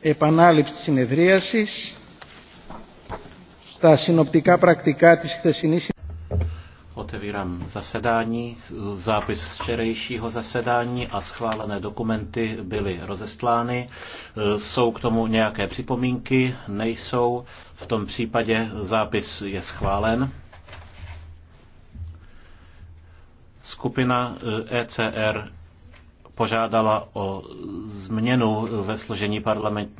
επανάληψη της συνεδρίασης στα συνοπτικά πρακτικά της χθεσινής Otevírám zasedání. Zápis z včerejšího zasedání a schválené dokumenty byly rozeslány. Jsou k tomu nějaké připomínky? Nejsou. V tom případě zápis je schválen. Skupina ECR eh, e požádala o změnu ve složení parlamentní